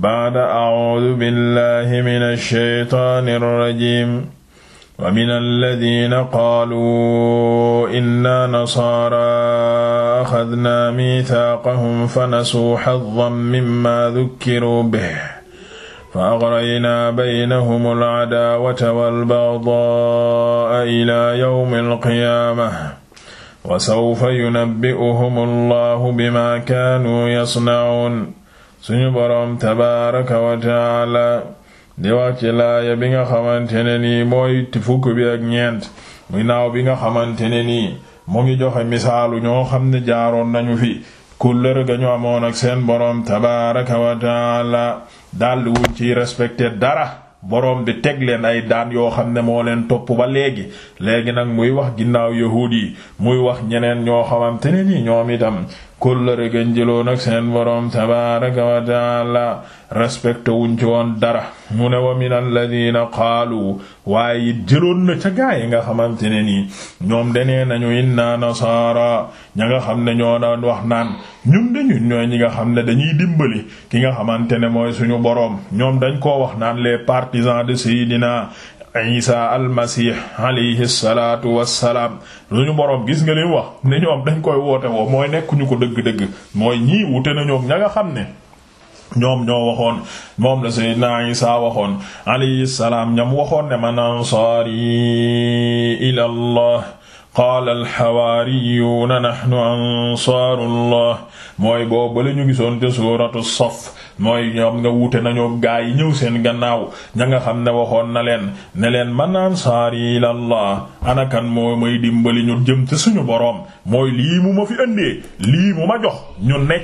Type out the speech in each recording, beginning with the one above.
baada acuudu billahi mina shaytaani rajiim wa mina alladiina qaaluu innaa nasaaraa axadnaa miisaaqahum fanasuu xaddan mimmaa dukkiruu bihi fa agrayna baynahum alcadaawata walbagdaa'a ilaa yawmi alqiyaama wa sawfa yunabbi'uhum allahu bimaa kaanuu yasnacuun suñu boroom tabaaraka wa taala di wax ci laaya bi nga xamante ne nii mooy fukk bi ak ñeent ginnaaw bi nga xamante ne nii mu ngi joxe misaalu ñoo xam ne jaaroon nañu fi kullër ga ñu amoon ak seen boroom tabaaraka wa taala daldi wuñ ci respecté dara boroom bi teg leen ay daan yoo xam ne moo leen topp ba léegi léegi nag muy wax ginnaaw yahuud yi muy wax ñeneen ñoo xamante ne nii ñoom itam kóllëre gën jëloon ak seen boroom tabaaraka wa taala respecté wuñ ci woon dara mu ne wa min alladina qaalu waaye it jëloon na ca gaay nga xamante ne nii ñoom de denee nañu inna nasaara ña nga xam ne ñoo daan wax naan ñun ñooy ñi nga xam ne dañuy dimbali ki nga xamante ne mooy suñu boroom ñoom dañ koo wax naan les partisans de Seydina isa almasih alayhi salaatu wassalaam lu ñu boroom gis nga leen wax ne ñoom dañ koy woote woo mooy nekkuñu ko dëgg-dëgg mooy ñii wute na ñoom ña nga xam ne ñoom ñoo waxoon moom la sayyidina Isa waxoon alayhi salaam ñam waxoon ne man ansaari ilallah qaala alxawaariyuuna naxnu ansaaru llah mooy boobu la ñu gisoon te suuratu saf mooy ñoom nga wuute nañoo gaa yi ñëw seen gannaaw ña nga xam ne waxoon na leen ne leen man ansaari ilallah anakan moo may dimbali ñu jëm te suñu boroom mooy lii mu ma fi ëndee lii mu ma jox ñu ne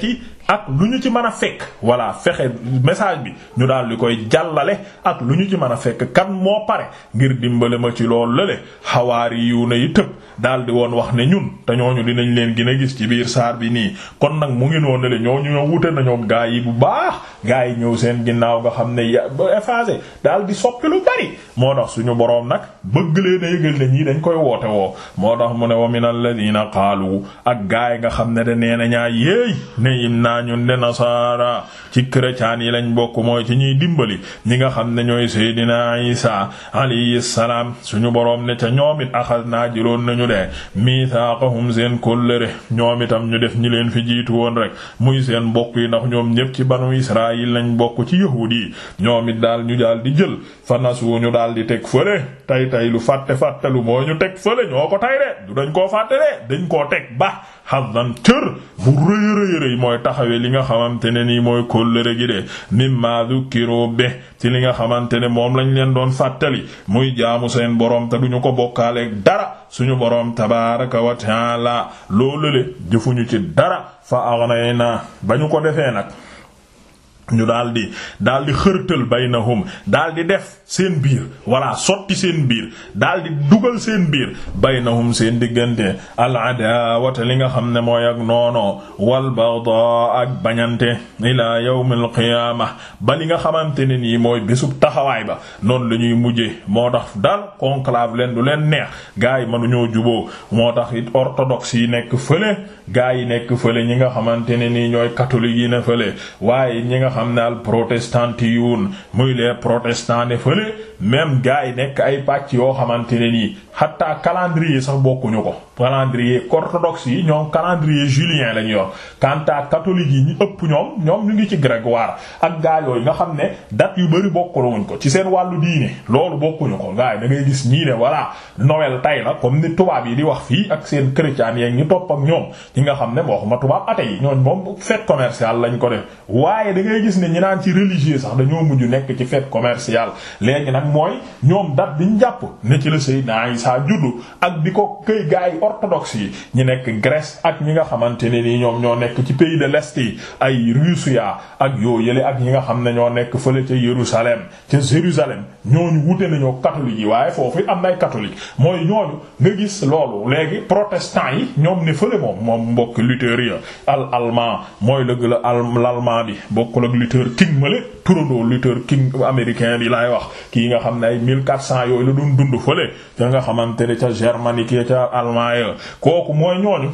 ak lu ñu ci mën a fekk voilà fexe message bi ñu daal di koy jàllale ak lu ñu ci mën a fekk kan moo pare ngir dimbali ma ci loolu lale xawaari yu na yi tëb daal di woon wax ne ñun te ñooñu dinañ leen gën a gis ci biir saar bi nii kon nag mu ngi noonu la ñooñu ñoo wute nañoo gaa yi bu baax gaa yi ñëw seen ginnaaw nga xam ne ya ba effacé daal di soppi lu bari moo tax suñu boroom nag bëgg leen a yëgal ne ñii dañ koy woote woo moo tax mu ne wa min alladina qaalu ak gaa yi nga xam ne de nee na ñaa yéey ne im naa ñun de nasaara ci chrétien yi lañ bokk mooy ci ñuy dimbali ñi nga xam ne ñooy Seydina Isa alayhi salaam suñu boroom ne de miisaaqahum seen kóllëre ñoom itam ñu def ñi leen fi jiitu woon rek muy seen mbokk yi ndax ñoom ñépp ci banu Israayil lañ bokk ci yahuud yi ñoom it daal ñu daal di jël fanas wu ñu daal di teg fële tay tay lu fàtte fàttelu moo ñu teg fële ñoo ko tay de du dañ koo fàtte de dañ koo teg ba xasan cër bu rëy rëy rëy mooy taxawee li nga xamante ne nii mooy kóllëre gi de mimma zukiru be ci li nga xamante ne moom lañ leen doon fàttali muy jaamu boroom tabaaraka wa taala loolu le jëfuñu ci dara fa aghnayna ba ñu ko defee nag ñu daal di daal di xërtal baynahum daal di def seen biir walla sotti seen biir daal di dugal seen biir baynahum seen diggante al adaawata li nga xam ne mooy ak noono wal bagdaa ak bañante ilaa yawmil qiyaama ba li nga xamante ne nii mooy bésub taxawaay ba noonu la ñuy mujjee moo tax daal conclave leen du leen neex gaa yi mënuñoo juboo moo tax it orthodoxe yi nekk fële gaa yi nekk fële ñi nga xamante ne nii ñooy catholique yi ne fële waaye ñi nga xam ne al protestantiyuun muy les protestants ne fële même gars yi nekk ay pàcc yoo xamante ne nii xatta calendrier sax bokkuñu ko calendrier orthodoxe yi ñoom calendrier julien la ñu yor quant à yi ñu ëpp ñoom ñoom ñu ngi ci grégoire ak gaa yi nga xam ne date yu bokkul wuñ ko ci seen wàllu diine loolu bokkuñu ko gaa yi da gis ñii ne voilà Noël tay la comme ni tubaab yi di wax fii ak seen chrétiens yeeg ñu topp ak ñoom ñi nga xam ne waxuma tubaab ate yi ñooñ moom fête commerciale lañ ko de waaye da ngay gis ne ñi naan ci religieux sax dañoo mujj nekk ci fête commerciale léegi nag mooy ñoom date Isa juddu ak di ko këy gaay orthodoxe yi ñi nekk Grèce ak ñi nga xamante ne nii ñoom ñoo nekk ci pays de l'est yi ay Russie ak yoo yële ak ñi nga xam ne ñoo nekk fële ca Jérusalem ca ñoo ñooñu wute nañoo catholique yi waaye foofu am nay catholique mooy ñooñu nga gis loolu léegi protestant yi ñoom ne fële moom moom mbokk Luther ya al allemand mooy lëg la l'allemand bi bokkul ak Luther King male turandoo Luther King américain bi laay wax kii nga xam ne ay 1400 yooyu la doon dund fële xamante ne ca germanique ya ca allemand ya kooku mooy ñooñu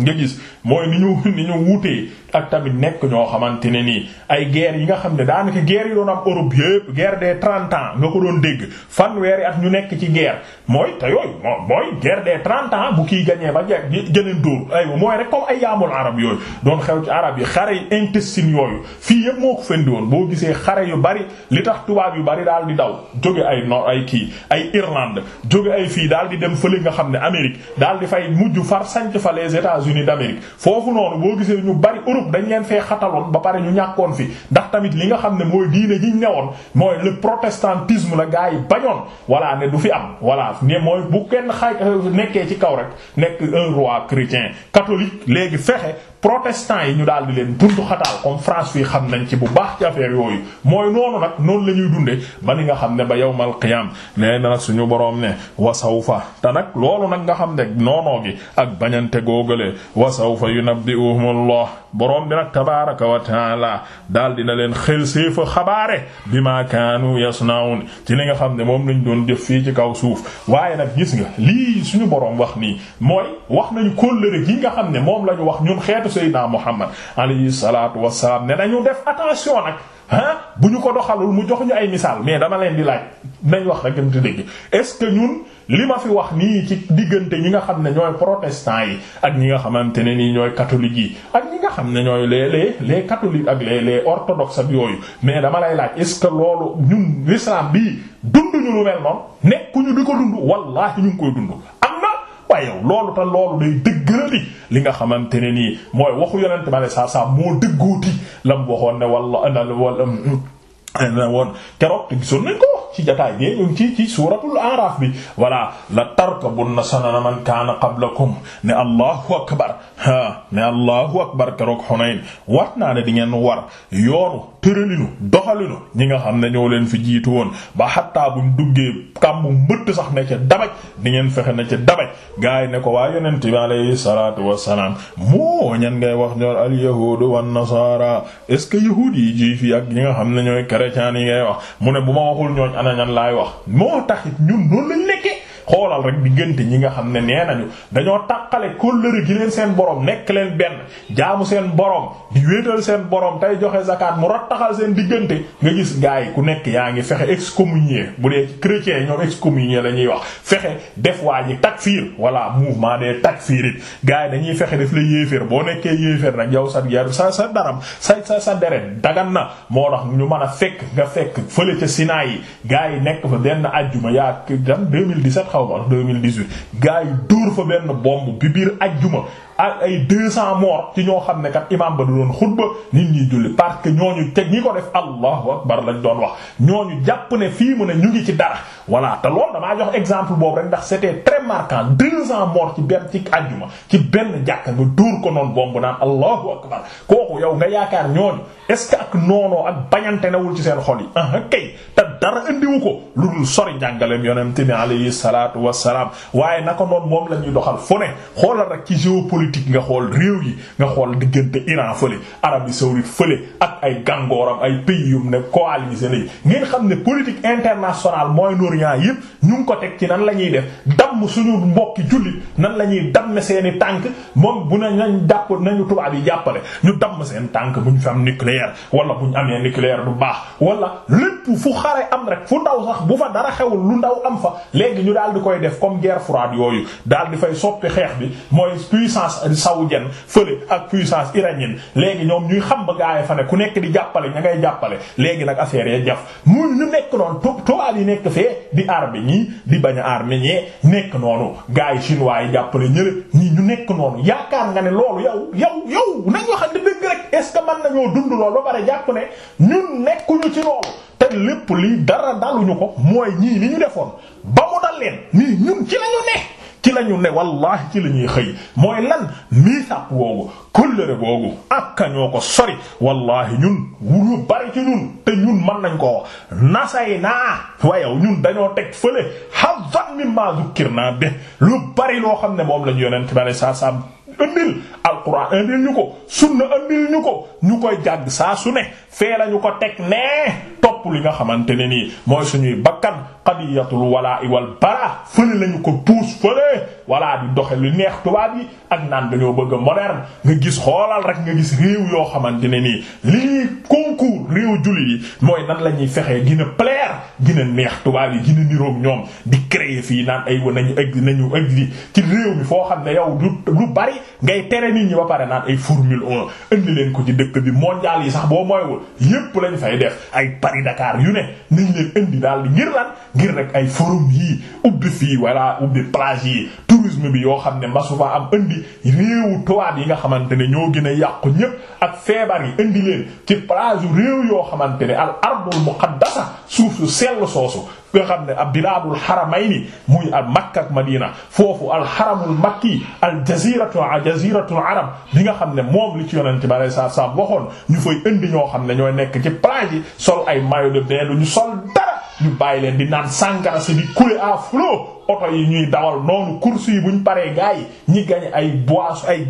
nga gis mooy ni ñu ni ñu wutee ak tamit nekk ñoo xamante ne nii ay guerre yi nga xam ne daanaka guerre yi doon am Europe yépp guerre des trente ans nga ko doon dégg fanweeri at ñu nekk ci guerre mooy te yooyu mooy guerre des trente ans bu kii gañee ba ay mooy rek comme ay yaamul arab yooyu doon xew ci arab yi xare yi intestine yooyu fii yépp moo ko fendi woon boo gisee xare yu bari li tax tubaab yu bari daal di daw jóge ay nord ay kii ay Irlande jóge ay fii daal di dem fële nga xam ne Amérique daal di fay mujj far sanc fa les États-Unis d'Amérique foofu noonu boo gisee ñu bari Europe dañ leen fee xataloon ba pare ñu ñàkkoon fi ndax tamit li nga xam ne mooy diine ji ñëwoon mooy le protestantisme la gaa yi bañoon voilà ne du fi am voilà ne mooy bu kenn xaaj euh, nekkee ci kaw rek nekk un roi chrétien catholique léegi fexe protestants yi ñu daal di leen buntu xataal comme France fii xam nañ ci bu baax ci affaire yooyu mooy noonu nag noonu la ñuy dundee ba ni nga xam ne ba yawmal qiyaam nee na nag suñu boroom ne fa te nag loolu nag nga xam ne noonoo gi ak bañante googale wasawfa yunabbi'uhumullah borom bi nag tabaaraka wa taala daal di dina leen xel seefa xabaare bima kaanu yasnaun ci li nga xam ne moom lañ doon jëf fii ci kaw suuf waaye nag gis nga lii suñu borom wax nii mooy wax nañu kóllëre gi nga xam ne moom la ñu wax ñun xeetu Seydina Muhammad alayhi salaatu wassalaam ne nañu def attention nag ah bu ñu ko doxalul mu jox ñu ay misaal mais dama leen di laaj nañ wax rek gën te dégg est-ce que ñun li ma fi wax nii ci diggante ñi nga xam ne ñooy protestants yi ak ñi nga xamante ne nii ñooy catholiques yi ak xam ne ñooy les les les catholiques ak les les orthodoxes ak yooyu mais dama lay laaj est-ce que loolu ñun l'islam bii dunduñu lu mel moom nekkuñu di ko dund wallaahi ñu ngi koy dund am na waaye loolu te loolu day dëgg dëgërali li nga xamante ne ni mooy waxu yonent ma ne saa saa moo dëggooti lam waxoon ne walla anal walla mm, na woon keroog te gisoon nañ ko ci jotaay bi ñu ngi ci ci suuratul Aaraaf bi voilà la tarkabunna sanana man kaana qablakum ne Allahu akbar ha ne allahu akbar keroog Xunayn wax naa ne di ngeen war yoonu tëralinu doxalinu ñi nga xam ne ñoo leen fi jiitu woon ba xattaa buñ duggee kàmbu mbëtt sax ne ca dabaj di ngeen fexe ne ci dabaj gaa yi ne ko waa yonent bi alayhi salaatu wassalaam moo ñan ngay wax ñoor al yahuudu wan nasaara est-ce que yahuud yi juif yi ak ñi nga xam ne ñooy chrétien yi ngay wax mu ne bu ma waxul ñooñ ana ñan laay wax moo taxit ñun noonu lañ nekkee xoolal rek diggante ñi nga xam ne nee nañu dañoo tàqale kóllëre gi leen seen boroom nekk leen benn jaamu seen borom di wéetal seen borom tey joxe sa zakat mu rattaxal seen diggante nga gis yi ku nekk yaa ngi fexe excommunier bu dee ci chrétien ñoom excommunier la ñuy wax fexe def waa ji takfir voilà mouvement des takfir it gaay dañuy fexe def la yéeféer boo nekkee yéeféer nag jaw sa yar sa sa daram sa sa sa deret dagan na moo tax ñu mën a fekk nga fekk fële ca Sinaay yi gaay nekk fa benn ajjuma yaa xaw ma 2018 gars yi dóor fa benn bomb bi biir ajjuma ak ay ñoo xam ne kat imaam ba du doon xutba nit ñi julli parce que ñooñu teg ñi ko def allahu akbar lañ doon wax ne fii mu ne ñu ci dara voilà te loolu damaa boobu rek ndax c'était très marquant 200 morts ci benn ci ajjuma ci benn jàkka nga dóor kooku yow nga yaakaar ñooñu est-ce que ak ak bañante newul ci seen yi ah kay te dara indiwu salaam salaatu wassalaam waaye naka noonu moom la ñuy doxal fu ne xoolal rek ci géopolitique nga xool réew yi nga xool diggante Iran fële Arabie saoudite fële ak ay gàngooram ay pays yum ne coalisé nañu ngeen xam ne politique internationale Moyen-Orient yépp ñu ngi ko teg ci nan la ñuy def dam suñu mbokki jullit nan la dam damm seeni tànk moom bu ne nañ jàpp nañu tubaab yi jàppale ñu damm seen tànk bu ñu fi am nucléaire wala bu ñu amee nucléaire du baax wala lépp fu xare bu fa dara xewul daal di koy def comme guerre froide yooyu daal di fay soppi xeex bi mooy puissance saoudienne fële ak puissance iranienne léegi ñoom ñuy xam ba gaay fa ne ku nekk di jàppale ña ngay jàppale léegi nag affaire ya jaf mu ñu nekk noonu to toal yi nekk fee di armée ñii di bañ a armée ñee nekk noonu gaay chinois yi jàppale ñële ñii ñu nekk noonu yaakaar nga ne loolu yow yow yow nañ waxante dëgg rek est-ce que mën nañoo dund loolu ba pare jàpp ne ñun nekkuñu ci loolu te lépp lii dara daluñu ko mooy ñii li ñu defoon ba mu dal leen nii ñun ci lañu ne ci lañu ne wallahi ci lañuy xëy mooy lan miisaak woogu kóllëre googu ak ñoo ko sori wallahi ñun wu bari ci ñun te ñun mën nañ ko nasay naa wayow ñun dañoo teg fële hazan mimma zukkirna be lu bari loo xam ne moom lañu yonent bari saa saa andil alquran andil ñu ko sunna andil ñu ko ñu koy jàgg saa sune ne fee lañu ko teg nee topp li nga xamante ne nii mooy suñuy bakkan qadiyatul walaa wal bara fële lañu ko puus fële walaa di doxe lu neex tubaab yi ak naan dañoo bëgg a moderne nga gis xoolal rek nga gis réew yoo xamante ne nii lii concours réew julli yi mooy nan la fexee gën a dara a neex tubaab yi gën a niroog ñoom di créer fii naan ay nañu egg nañu egg di ci réew mi foo xam ne yow du lu bari ngay tere mi ñi ba pare naan ay formule 1 indi leen ko ci dëkk bi mondial yi sax boo moywul yépp lañ fay def ay Paris Dakar yu ne nañ leen indi daal di ngir lan ngir rek ay forum yii ubbi fii walla ubbi plage yi ma bi yoo xam ne masu fa am indi réewu tubaab yi nga xamante ne ñoo gën a yàqu ñépp ak feebar yi indi leen ci plage réew yoo xamante ne al ardul muqaddasa suuf su sell soosu nga xam ne ab bilaadul xaramayni muy al makka ak madina foofu al xaramul makki al jaziratu jaziratul arab bi nga xam ne moom li ci yonente bi sa sa waxoon ñu fay indi ñoo xam ne ñooy nekk ci plage sol ay maillot de bain duñu sol ñu bàyyi leen di naan sàngara si di couler à oto yi ñuy dawal noonu course buñ paree gars yi ñi gañ ay bois ay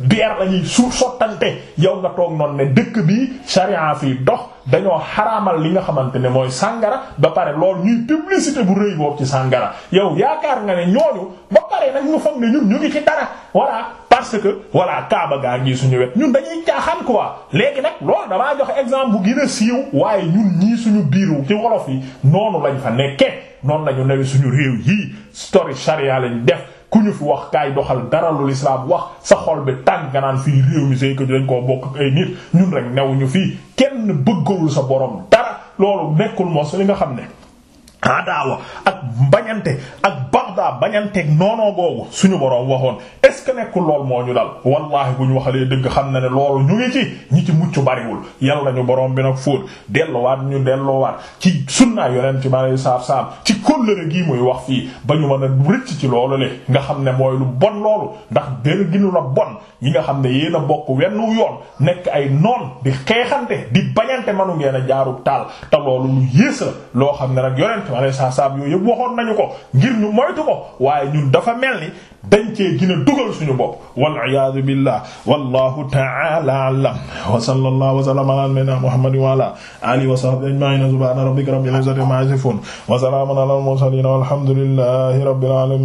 bière la ñuy suuf sottante yow nga toog noonu ne dëkk bi charia fii dox dañoo xaraamal li nga xamante ne mooy sàngara ba pare lool ñuy publicité bu rëy boobu ci sàngara yow yaakaar nga ne ñooñu ba pare nag ñu foog ne ñun ñu ngi ci dara voilà parce que voilà Kaaba gaa ngi suñu wet ñun dañuy caaxaan quoi léegi nag loolu damaa joxe exemple bu gën a siiw waaye ñun ñii suñu biiru ci wolof yi noonu lañ fa nekke noonu lañu newe suñu réew yii story charia lañ def ku ñu fi wax kaay doxal dara lu lislaam wax sa xol bi tàng nga naan fii réew mi sëy ko dañ koo bokk ay nit ñun rek ñu fii kenn bëggalul sa borom dara loolu nekkul mos li nga xam ne adaawa ak mbañante ak abda bañanteeg noonoo googu suñu boroom waxoon est ce que nekkul lool moo ñu dal wallahi bu ñu waxalee dëgg xam na ne loolu ñu ngi ci ñi ci mucc bariwul yàlla ñu boroom bi nag fóot delluwaat ñu delluwaat ci sunnaa yonent ci ma lay saab saab ci kóllëre gii muy wax fii ba ñu mën a rëcc ci loolu nga xam ne mooy lu bon loolu ndax benn ginu la bon yi nga xam ne yéen a bokk wenn yoon nekk ay noon di xeexante di bañante manu ngeen a jaarub taal lu yées loo xam ne nag yonent ma lay saab saab yooyu yëpp waxoon nañu ko ngir ñu moytu ko waaye ñun dafa mel ni dañ cee gën a dugal suñu bopp waliyaadu billah wallahu ta'ala a'lam wa sallallahu wa sallama ala nabiyyina muhammadin wa ala alihi wa sahbihi ajma'in subhana rabbika rabbil izzati amma yasifun wa salamun ala al mursalin walhamdulillahi rabbil alamin